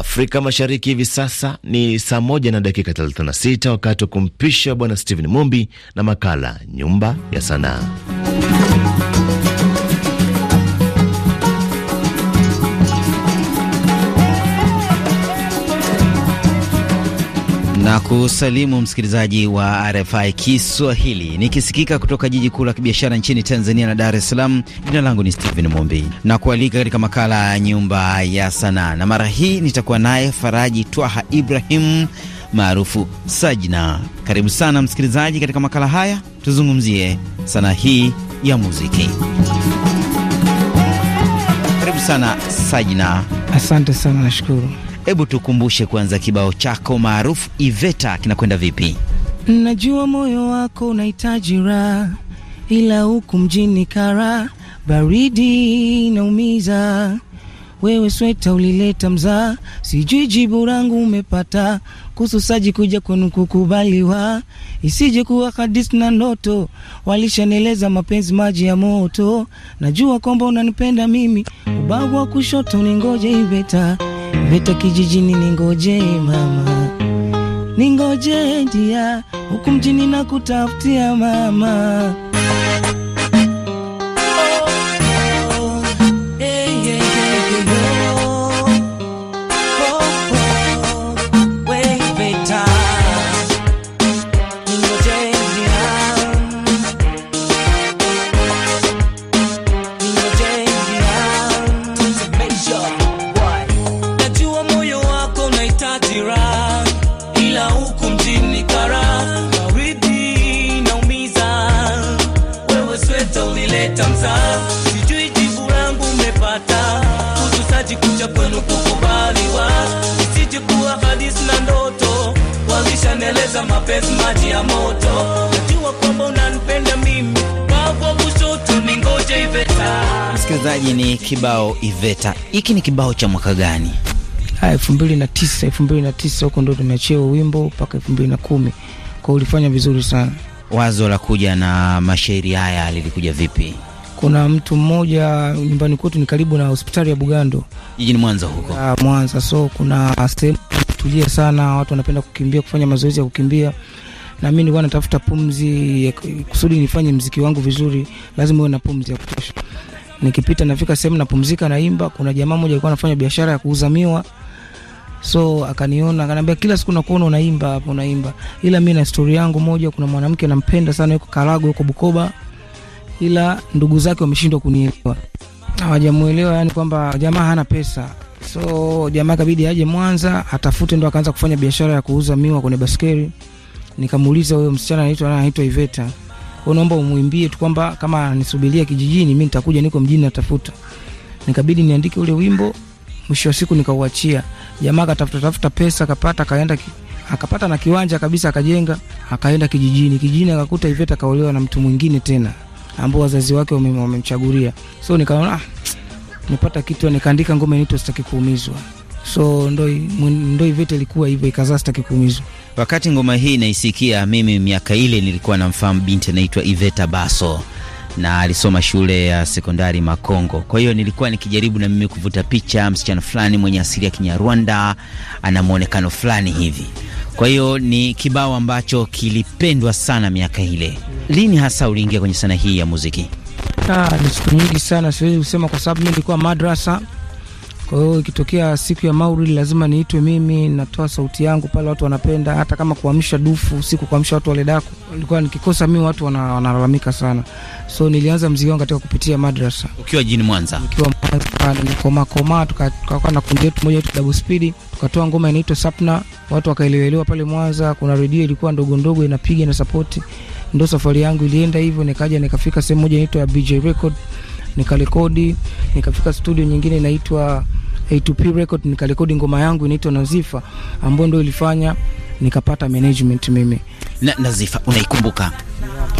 Afrika Mashariki hivi sasa ni saa moja na dakika 36, wakati wa kumpisha Bwana stehen Mumbi na makala Nyumba ya Sanaa. na kusalimu msikilizaji wa RFI Kiswahili nikisikika kutoka jiji kuu la kibiashara nchini Tanzania na Dar es Salaam. Jina langu ni Stephen Mumbi na kualika katika makala ya Nyumba ya Sanaa, na mara hii nitakuwa naye Faraji Twaha Ibrahim maarufu Sajna. Karibu sana msikilizaji, katika makala haya tuzungumzie sanaa hii ya muziki. Karibu sana Sajna. Asante sana, nashukuru. Hebu tukumbushe kwanza kibao chako maarufu Iveta kinakwenda vipi? Najua moyo wako unahitaji raha, ila huku mjini kara baridi naumiza. Wewe sweta ulileta mzaa, sijui jibu rangu umepata kususaji kuja kwenu kukubaliwa, isije kuwa hadisi na ndoto. Walishaneleza mapenzi maji ya moto, najua kwamba unanipenda mimi, ubavu wa kushoto ni ngoje Iveta Meta kijijini ningoje mama, ningoje njia huku mjini na kutafutia mama Iveta. Hiki ni kibao cha mwaka gani? elfu mbili na tisa elfu mbili na tisa huko ndo tumeachia wimbo mpaka elfu mbili na kumi kwao. Ulifanya vizuri sana. Wazo la kuja na mashairi haya lilikuja vipi? Kuna mtu mmoja nyumbani kwetu ni karibu na hospitali ya Bugando jijini Mwanza huko ya ah, Mwanza, so kuna sehemu tulia sana, watu wanapenda kukimbia, kufanya mazoezi ya kukimbia, na mimi nilikuwa natafuta pumzi kusudi nifanye mziki wangu vizuri, lazima uwe na pumzi ya kutosha nikipita nafika sehemu napumzika, naimba. Kuna jamaa mmoja alikuwa anafanya biashara ya kuuza miwa, so akaniona akaniambia, kila siku nakuona unaimba hapo, unaimba, ila mi na stori yangu moja. Kuna mwanamke nampenda sana, yuko Karago, yuko Bukoba, ila ndugu zake wameshindwa kunielewa, hawajamuelewa yani kwamba jamaa hana pesa. So jamaa kabidi aje Mwanza atafute, ndo akaanza kufanya biashara ya kuuza miwa kwenye baskeli. Nikamuuliza huyo msichana anaitwa anaitwa Iveta kwa naomba umwimbie tu kwamba kama anisubiria kijijini, mimi nitakuja, niko mjini natafuta. Nikabidi niandike ule wimbo, mwisho wa siku nikauachia. Jamaa akatafuta tafuta pesa akapata, akaenda akapata na kiwanja kabisa akajenga, akaenda kijijini. Kijijini akakuta Iveta kaolewa na mtu mwingine tena ambao wazazi wake wamemchagulia. So nikaona ah, nipata kitu, nikaandika ngoma inaitwa Sitaki Kuumizwa. So ndo ndo Iveta ilikuwa hivyo, ikazaa Sitaki Kuumizwa. Wakati ngoma hii naisikia mimi, miaka ile nilikuwa namfahamu binti anaitwa Iveta Baso na alisoma shule ya sekondari Makongo. Kwa hiyo nilikuwa nikijaribu na mimi kuvuta picha msichana fulani mwenye asili ya Kinyarwanda, ana mwonekano fulani hivi. Kwa hiyo ni kibao ambacho kilipendwa sana miaka ile. Lini hasa uliingia kwenye sanaa hii ya muziki? Ah, ni siku nyingi sana, siwezi kusema kwa sababu mimi nilikuwa madrasa kwa hiyo ikitokea siku ya maulidi lazima niitwe mimi, natoa sauti yangu pale, watu wanapenda, hata kama kuamsha dufu usiku, kuamsha watu wale daku, ilikuwa nikikosa mimi watu wanalalamika sana. So nilianza mziki wangu katika kupitia madrasa. Ukiwa jini Mwanza, Ukiwa Mwanza nikoma koma, tukakaa na kundi yetu moja yetu double speed, tukatoa ngoma inaitwa Sapna, watu wakaelewelewa pale Mwanza. Kuna redio ilikuwa ndogo ndogo inapiga na support, ndo safari yangu ilienda hivyo, nikaja nikafika sehemu moja inaitwa BJ Record, nikarekodi, nikafika studio nyingine inaitwa A2P Record nikarekodi ngoma yangu inaitwa Nazifa ambayo ndio ilifanya nikapata management mimi. Na, Nazifa unaikumbuka?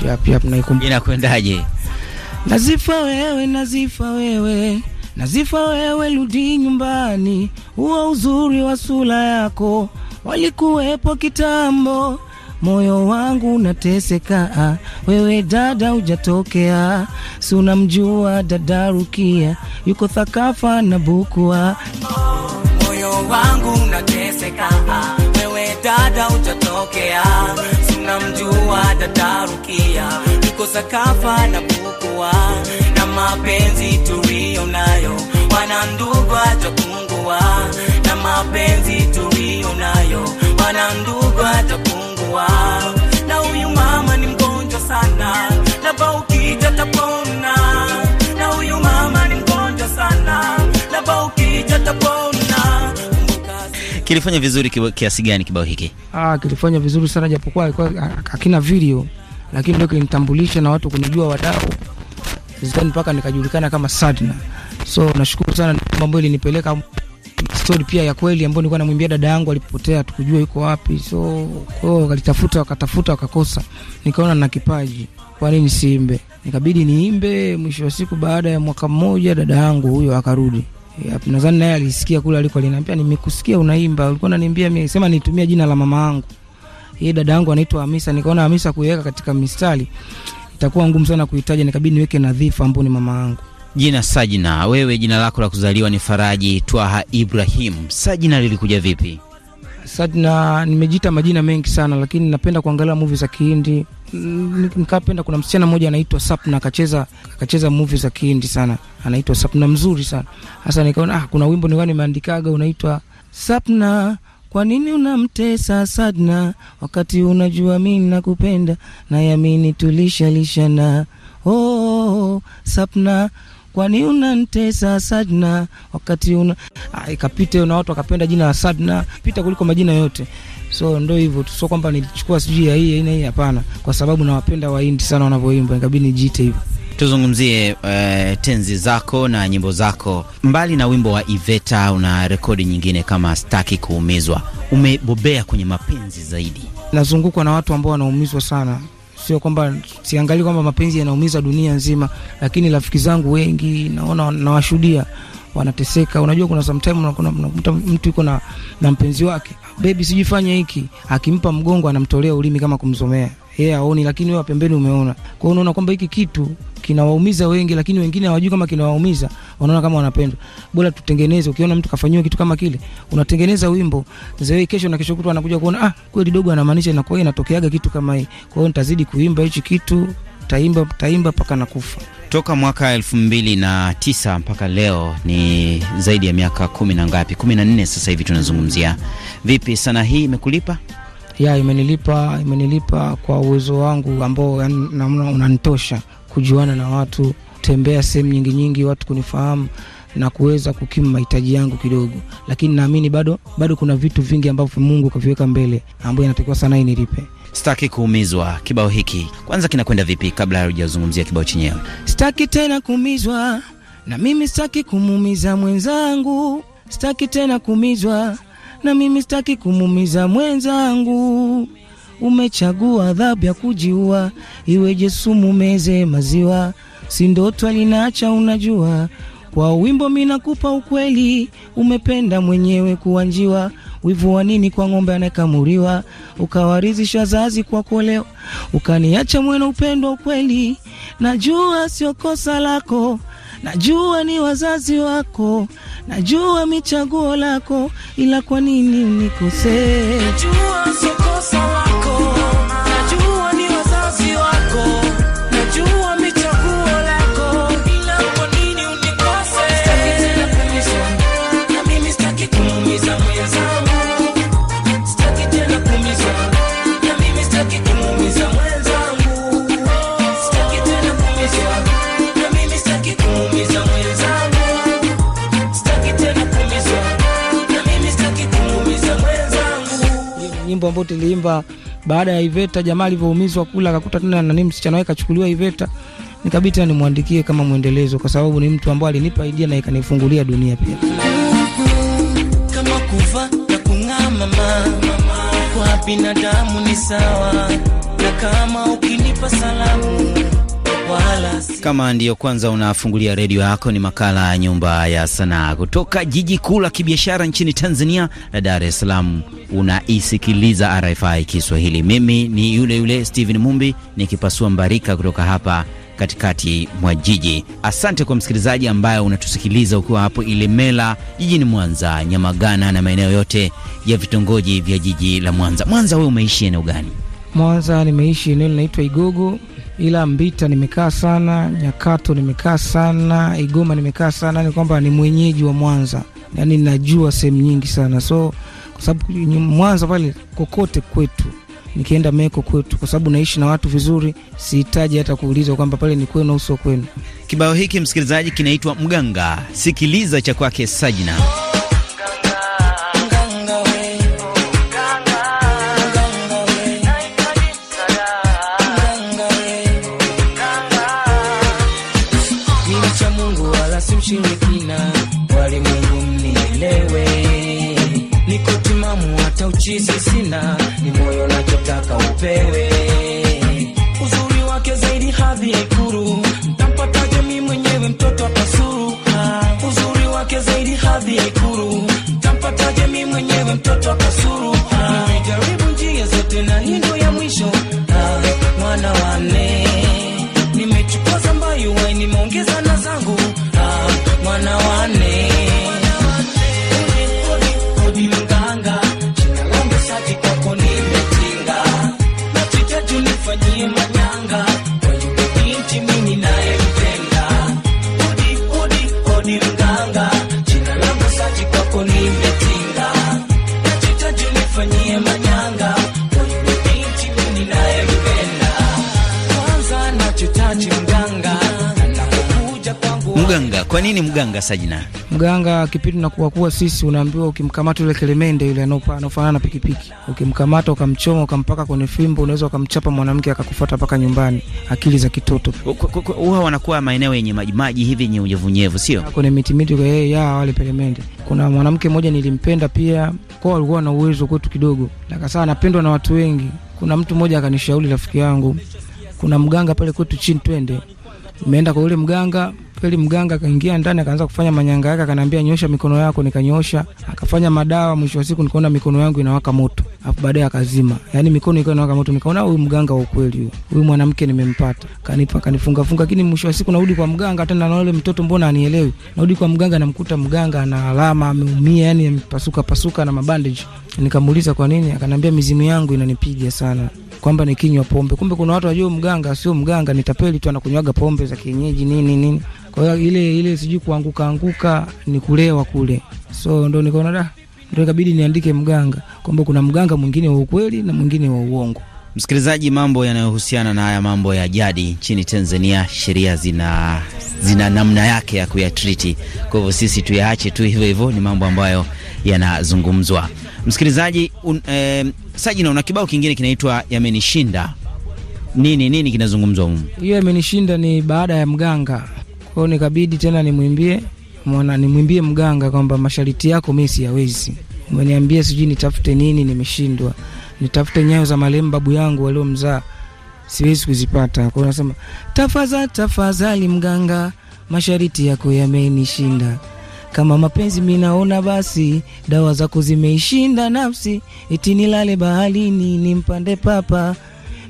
Yap, yap, naikumbuka. Inakwendaje? Nazifa wewe, Nazifa wewe Nazifa wewe, rudi nyumbani, huo uzuri wa sura yako walikuwepo kitambo moyo wangu nateseka, wewe dada hujatokea, si unamjua dada Rukia yuko thakafa na bukua, moyo wangu nateseka, wewe dada hujatokea, si unamjua dada Rukia yuko thakafa na bukua, na mapenzi tuliyo nayo wanandugu hajapungua na mapenzi Kilifanya vizuri kiasi gani kibao hiki? Ah, kilifanya vizuri sana japokuwa hakina video, lakini ndio kinitambulisha na watu kunijua wadau zani mpaka nikajulikana kama Sadna. So nashukuru sana mambo ilinipeleka story pia ya kweli ambayo nilikuwa namwimbia dada yangu alipotea, tukujua yuko wapi. So kwao wakalitafuta, wakatafuta, wakakosa. Nikaona na kipaji, kwa nini siimbe? Nikabidi niimbe. Mwisho wa siku, baada ya mwaka mmoja, dada yangu huyo akarudi nadhani naye alisikia kule aliko, aliniambia nimekusikia unaimba, ulikuwa unaniambia mimi, sema nitumie jina la mama yangu. Yeye dada yangu anaitwa Hamisa, nikaona Hamisa kuiweka katika mistari itakuwa ngumu sana kuitaja, nikabidi niweke Nadhifa ambao ni mama yangu. Jina Sajina, wewe jina lako la kuzaliwa ni Faraji Twaha Ibrahim. Sajina lilikuja vipi? Sajina, nimejiita majina mengi sana, lakini napenda kuangalia movie za Kihindi nikapenda, kuna msichana mmoja anaitwa Sapna akacheza akacheza movie za Kihindi sana, anaitwa Sapna, mzuri sana hasa. Nikaona ah, kuna wimbo niwa nimeandikaga unaitwa Sapna, kwa nini unamtesa Sadna wakati unajua mimi nakupenda na yamini tulishalishana. Oh, oh, oh, oh Sapna kwani unanitesa Sadna wakati una ah, ikapita na watu wakapenda jina la Sadna pita kuliko majina yote. So ndo hivyo tu, sio kwamba nilichukua sijui ya hii aina hii, hapana, kwa sababu nawapenda Wahindi sana wanavyoimba, ikabidi nijiite hivyo. Tuzungumzie uh, tenzi zako na nyimbo zako. Mbali na wimbo wa Iveta, una rekodi nyingine kama Staki Kuumizwa. Umebobea kwenye mapenzi zaidi. Nazungukwa na watu ambao wanaumizwa sana sio kwamba siangalii kwamba mapenzi yanaumiza dunia nzima, lakini rafiki zangu wengi naona nawashuhudia wanateseka. Unajua, kuna sometime unakuta mtu yuko na, na mpenzi wake bebi, sijifanye hiki, akimpa mgongo anamtolea ulimi kama kumzomea yeye, yeah, aoni, lakini wewe pembeni umeona. Kwa hiyo unaona kwamba hiki kitu kinawaumiza wengi, lakini wengine hawajui kama kinawaumiza, wanaona kama wanapendwa. Bora tutengeneze, ukiona mtu kafanyiwa kitu kama kile, unatengeneza wimbo zewe, kesho na kesho kutwa anakuja kuona, ah, kweli dogo anamaanisha, na kwa inatokeaga kitu kama hii. Kwa hiyo nitazidi kuimba hichi kitu, taimba taimba mpaka nakufa. Toka mwaka elfu mbili na tisa mpaka leo ni zaidi ya miaka kumi na ngapi, kumi na nne sasa hivi tunazungumzia. Vipi sana hii imekulipa? ya imenilipa, imenilipa kwa uwezo wangu ambao unanitosha kujuana na watu, tembea sehemu nyingi nyingi, watu kunifahamu na kuweza kukimu mahitaji yangu kidogo, lakini naamini bado bado kuna vitu vingi ambavyo Mungu kaviweka mbele ambayo inatakiwa sana inilipe. Sitaki kuumizwa. Kibao hiki kwanza kinakwenda vipi, kabla hujazungumzia kibao chenyewe? Sitaki tena kuumizwa, na mimi sitaki kumuumiza mwenzangu. Sitaki tena kuumizwa, na mimi sitaki kumuumiza mwenzangu umechagua adhabu ya kujiua, iweje sumu meze maziwa, si ndoto alinaacha unajua. Kwa wimbo minakupa ukweli, umependa mwenyewe kuwanjiwa wivu wa nini kwa ng'ombe anayekamuriwa, ukawarizisha zazi kwa koleo, ukaniacha mwena upendwa ukweli. Najua sio kosa lako, najua ni wazazi wako, najua michaguo lako, ila kwa nini unikosee? Najua sio kosa lako Simba baada ya Iveta, jamaa alivyoumizwa kula akakuta tena nani msichana wake kachukuliwa Iveta, nikabidi tena nimwandikie kama mwendelezo, kwa sababu ni mtu ambaye alinipa idea na ikanifungulia dunia pia. Kama kuva na kung'aa mama, kwa binadamu ni sawa, na kama ukinipa salamu kama ndiyo kwanza unafungulia redio yako, ni makala ya Nyumba ya Sanaa kutoka jiji kuu la kibiashara nchini Tanzania la Dar es Salaam. Unaisikiliza RFI Kiswahili. Mimi ni yule yule Steven Mumbi nikipasua mbarika kutoka hapa katikati mwa jiji. Asante kwa msikilizaji ambaye unatusikiliza ukiwa hapo Ilemela jijini Mwanza, Nyamagana na maeneo yote ya vitongoji vya jiji la Mwanza. Mwanza, wewe umeishi eneo gani? Mwanza nimeishi eneo linaitwa Igogo ila Mbita nimekaa sana, Nyakato nimekaa sana, Igoma nimekaa sana. Ni kwamba ni mwenyeji wa Mwanza, yani najua sehemu nyingi sana, so kwa sababu Mwanza pale kokote kwetu nikienda meko kwetu, kwa sababu naishi na watu vizuri, sihitaji hata kuuliza kwamba pale ni kwenu au sio kwenu. Kibao hiki msikilizaji, kinaitwa Mganga. Sikiliza cha kwake Sajina. mganga Sajina, mganga kipindi nakuwa kuwa sisi, unaambiwa ukimkamata yule Kelemende yule anaofanana na pikipiki, ukimkamata ukamchoma ukampaka kwenye fimbo, unaweza ukamchapa mwanamke akakufuata mpaka nyumbani. Akili za kitoto huwa wanakuwa maeneo yenye maji maji hivi yenye unyevunyevu, sio kwenye miti kwa yeye ya wale Kelemende. Kuna mwanamke mmoja nilimpenda pia, kwa alikuwa na uwezo kwetu kidogo, lakasa anapendwa na watu wengi. Kuna mtu mmoja akanishauri rafiki yangu, kuna mganga pale kwetu chini, twende. Nimeenda kwa yule mganga Kweli mganga akaingia ndani akaanza kufanya manyanga yake, akaniambia nyosha mikono yako, nikanyosha, akafanya madawa. Mwisho wa siku nikaona mikono yangu inawaka moto, afu baadaye akazima, yani mikono ikawa inawaka moto. Nikaona huyu mganga wa ukweli, huyu huyu mwanamke nimempata, kanipa kanifunga funga. Lakini mwisho wa siku narudi kwa mganga, tena na yule mtoto mbona anielewi, narudi kwa mganga, namkuta mganga ana alama, ameumia, yani amepasuka pasuka na mabandage. Nikamuuliza kwa nini, akanambia mizimu yangu inanipiga sana kwamba nikinywa pombe. Kumbe kuna watu wajua mganga sio mganga, ni tapeli tu, anakunywaga pombe za kienyeji nini nini. Kwa hiyo ile ile sijui kuanguka anguka ni kulewa kule, so ndo nikaona da, ndo ikabidi niandike mganga kwamba kuna mganga mwingine wa ukweli na mwingine wa uongo. Msikilizaji, mambo yanayohusiana na haya mambo ya jadi nchini Tanzania, sheria zina zina namna yake ya kuyatriti. Kwa hivyo sisi tuyaache tu hivyo hivyo, ni mambo ambayo yanazungumzwa. Msikilizaji un, eh, Sajina, una kibao kingine kinaitwa yamenishinda. Nini nini kinazungumzwa humu? Hiyo yamenishinda ni baada ya mganga kwao, nikabidi tena nimwimbie mwana, nimwimbie mganga kwamba mashariti yako mimi siyawezi, umeniambia sijui nitafute nini, nimeshindwa nitafute nyayo za marehemu babu yangu waliomzaa, siwezi kuzipata. Kwao nasema tafadhali, tafadhali mganga, mashariti yako yamenishinda kama mapenzi minaona, basi dawa zako zimeishinda nafsi, iti nilale baharini nimpande papa,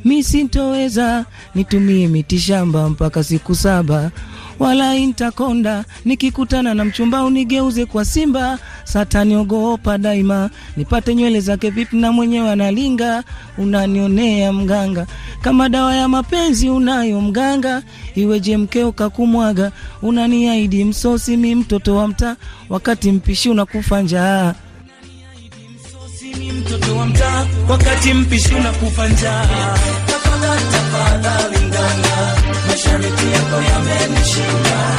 mi sintoweza nitumie mitishamba mpaka siku saba wala intakonda. Nikikutana na mchumba unigeuze kwa simba, sataniogopa daima. Nipate nywele zake vipi na mwenyewe analinga? Unanionea mganga, kama dawa ya mapenzi unayo mganga, iweje mkeo kakumwaga? Unaniahidi msosi, mi mtoto wa mtaa, wakati mpishi unakufa njaa mtoto wa mtaa wakati mpishi unakufa njaa mashariki yako yamenishinda,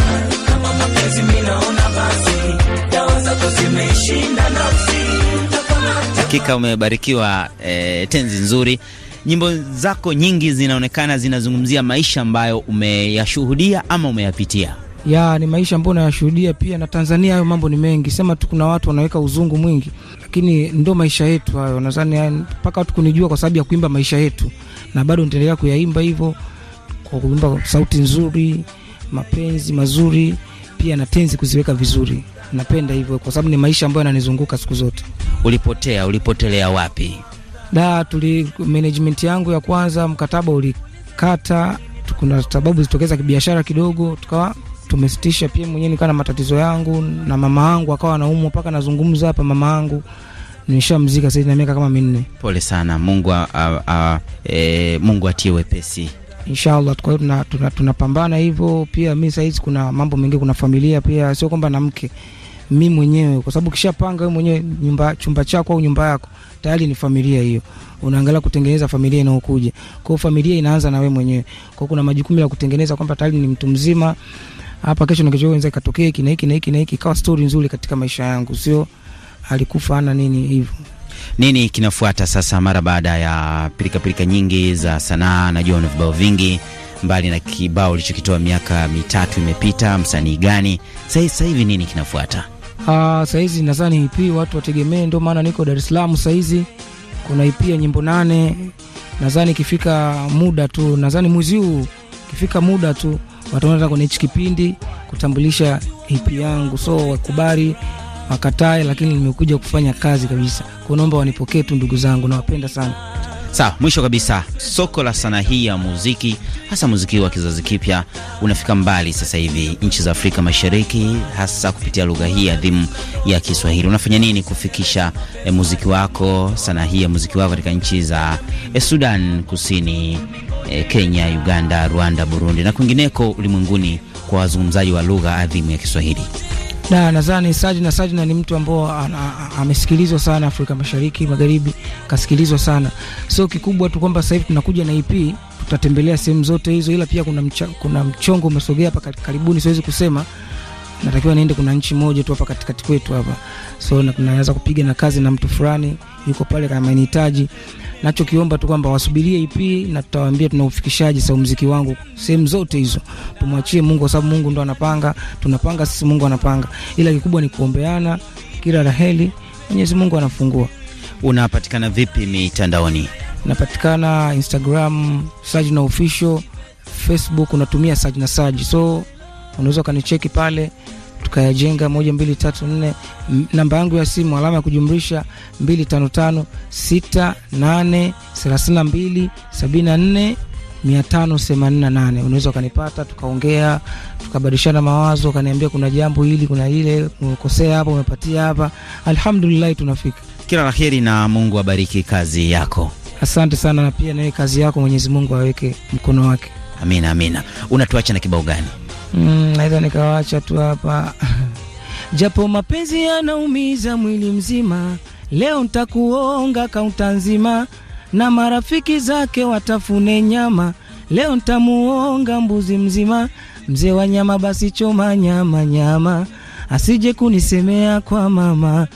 kama mapenzi naona basi dawa zako nafsi. Hakika umebarikiwa eh, tenzi nzuri. Nyimbo zako nyingi zinaonekana zinazungumzia maisha ambayo umeyashuhudia ama umeyapitia ya ni maisha ambayo nayashuhudia pia na Tanzania. Hayo mambo ni mengi, sema tu kuna watu wanaweka uzungu mwingi, lakini ndo maisha yetu hayo. Nadhani eh, mpaka watu kunijua kwa sababu ya kuimba maisha yetu, na bado nitaendelea kuyaimba hivyo kwa kuimba sauti nzuri, mapenzi mazuri, pia na tenzi kuziweka vizuri. Napenda hivyo kwa sababu ni maisha ambayo yananizunguka siku zote. Ulipotea, ulipotelea wapi? Da, tuli management yangu ya kwanza, mkataba ulikata, kuna sababu zitokeza kibiashara kidogo, tukawa tumesitisha. Pia mwenyewe nikawa na matatizo yangu, na mama yangu akawa anaumwa, mpaka nazungumza hapa, mama yangu nimeshamzika sasa na miaka kama minne. Pole sana. Mungu a, a, a, e, Mungu atie wepesi. Inshallah, kwa hiyo tunapambana tuna, tuna hivyo. Pia mimi saa hizi kuna mambo mengi, kuna familia pia, sio kwamba na mke mi mwenyewe, kwa sababu kishapanga wewe mwenyewe nyumba, chumba chako au nyumba yako tayari ni familia hiyo. Unaangalia kutengeneza familia inayokuja, kwa familia inaanza na we mwenyewe. Kwa kuna majukumu ya kutengeneza kwamba tayari ni mtu mzima hapa, kesho na kesho wenza ikatokea hiki na hiki na hiki na hiki, ikawa story nzuri katika maisha yangu, sio alikufa ana nini hivyo. Nini kinafuata sasa mara baada ya pirikapirika nyingi za sanaa? Najua una vibao vingi, mbali na kibao ulichokitoa miaka mitatu imepita, msanii gani sahizi hivi? Nini kinafuata? Ah, sahizi nadhani EP watu wategemee, ndio maana niko Dar es sahizi. Kuna ip e ya nyimbo nane, nadhani ikifika muda tu, nadhani mwezi huu ikifika muda tu wataona kwenye hichi kipindi kutambulisha ip e yangu, so wakubali wakatae, lakini nimekuja kufanya kazi kabisa. Kwa naomba wanipokee tu ndugu zangu, nawapenda sana. Sawa, mwisho kabisa, soko la sanaa hii ya muziki, hasa muziki wa kizazi kipya, unafika mbali sasa hivi nchi za Afrika Mashariki, hasa kupitia lugha hii adhimu ya Kiswahili. Unafanya nini kufikisha eh, muziki wako, sanaa hii ya muziki wako katika nchi za eh, Sudan Kusini, eh, Kenya, Uganda, Rwanda, Burundi na kwingineko ulimwenguni kwa wazungumzaji wa lugha adhimu ya Kiswahili? Na nadhani Sajina Sajina ni mtu ambao amesikilizwa sana Afrika Mashariki, Magharibi, kasikilizwa sana. So kikubwa tu kwamba sasa hivi tunakuja na EP, tutatembelea sehemu zote hizo, ila pia kuna, mcha, kuna mchongo umesogea hapa karibuni, siwezi kusema natakiwa niende, kuna nchi moja tu hapa katikati kwetu hapa, so naweza kupiga na kazi na mtu fulani yuko pale kama anahitaji nachokiomba tu kwamba wasubirie EP na tutawaambia tuna ufikishaji sa muziki wangu sehemu zote hizo, tumwachie Mungu kwa sababu Mungu ndo anapanga, tunapanga sisi, Mungu anapanga, ila kikubwa ni kuombeana kila laheri, Mwenyezi Mungu anafungua. Unapatikana vipi mitandaoni? Napatikana Instagram na Official, Facebook unatumia na Saji, so unaweza ukanicheki pale tukayajenga moja mbili tatu nne. Namba yangu ya simu alama ya kujumlisha mia tano 32 na nane. Unaweza ukanipata tukaongea, tukabadilishana mawazo, ukaniambia kuna jambo hili, kuna ile umekosea hapa, umepatia hapa. Alhamdulillah, tunafika. Kila la heri na Mungu abariki kazi yako. Asante sana, na pia nawe kazi yako Mwenyezi Mungu aweke mkono wake. Amina, amina. Unatuacha na kibao gani? Mm, naweza tu hapa japo mapenzi yanaumiza mwili mzima, leo ntakuonga kaunta nzima, na marafiki zake watafune nyama, leo ntamuonga mbuzi mzima. Mzee wa nyama, basi choma nyama nyama, asije kunisemea kwa mama.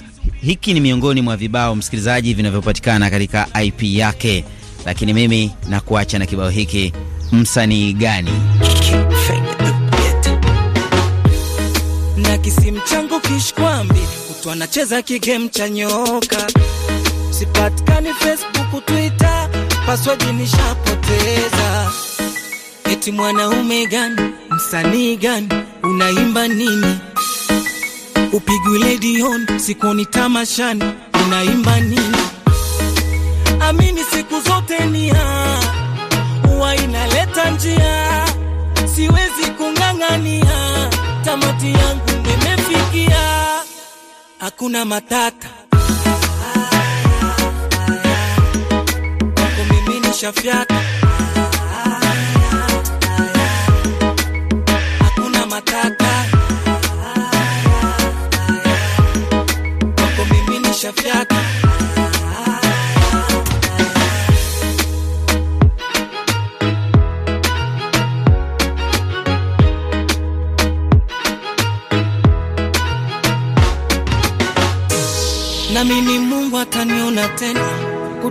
Hiki ni miongoni mwa vibao msikilizaji, vinavyopatikana katika IP yake, lakini mimi nakuacha na kibao hiki. Msanii gani? na kisimu changu kishkwambi, kutu anacheza kigame cha nyoka. Sipatikani Facebook, Twitter, password nishapoteza. Eti mwanaume gani, msanii gani, unaimba nini? Upigwi redioni, sikuoni tamashani, unaimba nini? Amini siku zote nia huwa inaleta njia, siwezi kung'ang'ania tamati yangu nimefikia, hakuna matata kwako, mimi nishafyata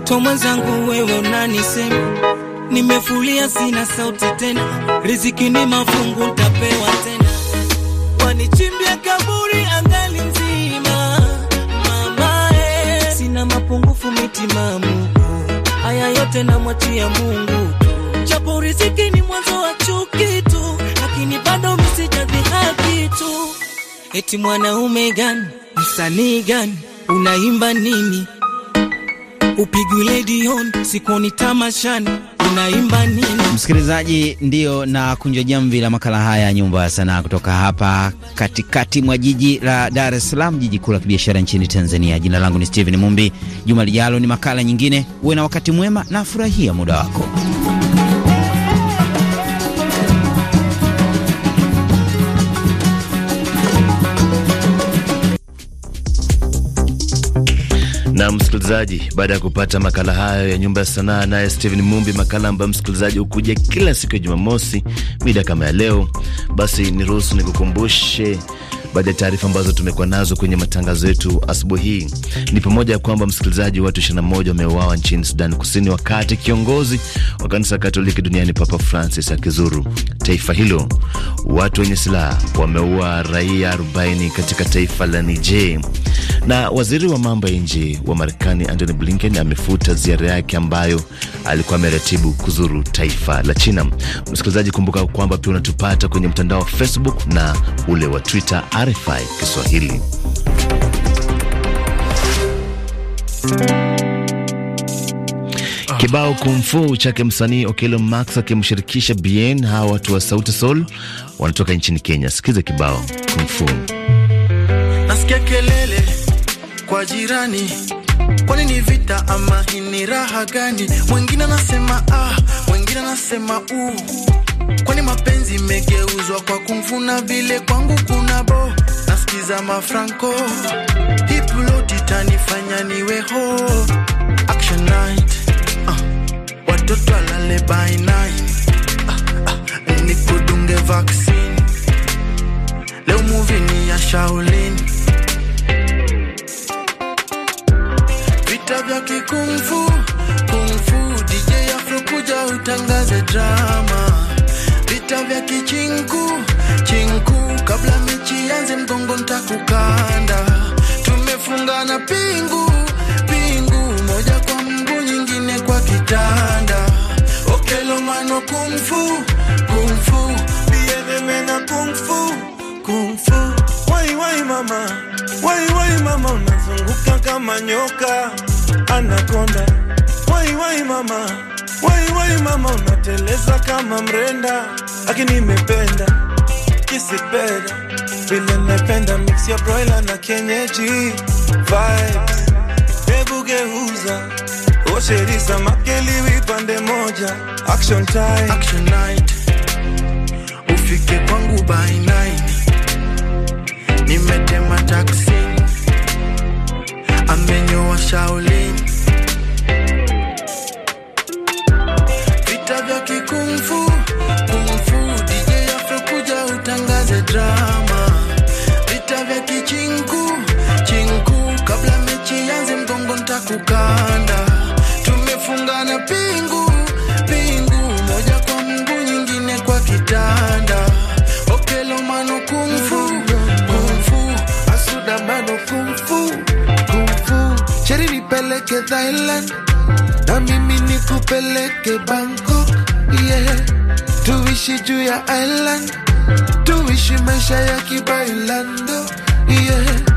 to mwenzangu, wewe unanisema nimefulia, sina sauti tena, riziki ni mafungu, ntapewa tena, wanichimbia kaburi angali mama eh. sina mapungufu mamu haya yote namwachia Mungu, japo riziki ni mwanzo wa chuki tu, lakini bado misijadhihaki tu. Eti mwanaume gani, msanii gani, unaimba nini? upigwi ledion sikuoni tamashani unaimba nini? Msikilizaji, ndiyo na kunja jamvi la makala haya ya Nyumba ya Sanaa kutoka hapa katikati mwa jiji la Dar es Salaam, jiji kuu la kibiashara nchini Tanzania. Jina langu ni Steven Mumbi. Juma lijalo ni makala nyingine. Uwe na wakati mwema na furahia muda wako. na msikilizaji, baada ya kupata makala hayo ya nyumba ya sanaa naye Steven Mumbi, makala ambayo msikilizaji hukuja kila siku ya Jumamosi mida kama ya leo, basi niruhusu nikukumbushe baada ya taarifa ambazo tumekuwa nazo kwenye matangazo yetu asubuhi hii ni pamoja ya kwamba msikilizaji, watu 21 wameuawa nchini Sudan Kusini wakati kiongozi wa kanisa Katoliki duniani Papa Francis akizuru taifa hilo. Watu wenye silaha wameua raia 40 katika taifa la Niger. Na waziri wa mambo ya nje wa Marekani Antony Blinken amefuta ziara yake ambayo alikuwa ameratibu kuzuru taifa la China. Msikilizaji, kumbuka kwamba pia unatupata kwenye mtandao wa Facebook na ule wa Twitter RFI Kiswahili. Ah. Kibao kumfu chake msanii Okelo Max akimshirikisha Bien. Hawa watu wa Sauti Sol wanatoka nchini Kenya. Sikiza kibao kumfu. Nasikia kelele kwa jirani. Kwani ni vita ama ni raha gani? Mwingine anasema ah, mwingine anasema u uh. Kwani mapenzi imegeuzwa kwa kumfuna vile, kwangu kuna bo nasikiza mafranco hipuloti tanifanya niwe ho action night uh. Watoto alale by night uh, ah, uh. Ah. Nikudunge vaccine leo movie ni ya Shaolin vita vya kikungfu kungfu, DJ Afro kuja utangaze drama, vita vya kichinku chinku, kabla mechi yanze, mgongo ntakukanda, na pingu pingu, moja kwa mguu nyingine kwa kitanda, okelo mano kungfu kungfu, na kungfu kungfu, wai wai mama, wai wai mama, unazunguka kama nyoka anakonda. Wai wai mama, wai wai mama, unateleza kama mrenda, lakini nimependa kisi vile napenda mix ya broiler na kienyeji vibes, hebu geuza osheriza makeliwi pande moja, action time, action night, ufike kwangu by nine, nimetema taksi amenyoa Shaolin, vita vya kikungfu kungfu. DJ Afro kuja utangaze drama, vita vya kichinku chinku, kabla mechi yanze mgongo ntakukanda nikupeleke Thailand na mimi nikupeleke Bangkok yeah. Tuishi juu ya island, tuishi maisha ya kibailando yeah.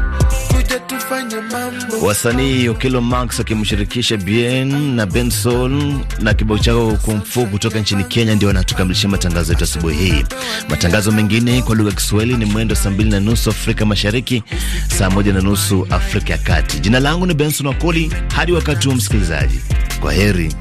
Wasanii Okelo Max wakimshirikisha Bien na Benson na kibao chao kumfu kutoka nchini Kenya ndio wanatukamilishia matangazo yetu asubuhi hii. Matangazo mengine kwa lugha ya Kiswahili ni mwendo saa mbili na nusu Afrika Mashariki, saa moja na nusu Afrika ya Kati. Jina langu ni Benson Wakoli. Hadi wakati wa msikilizaji, kwa heri.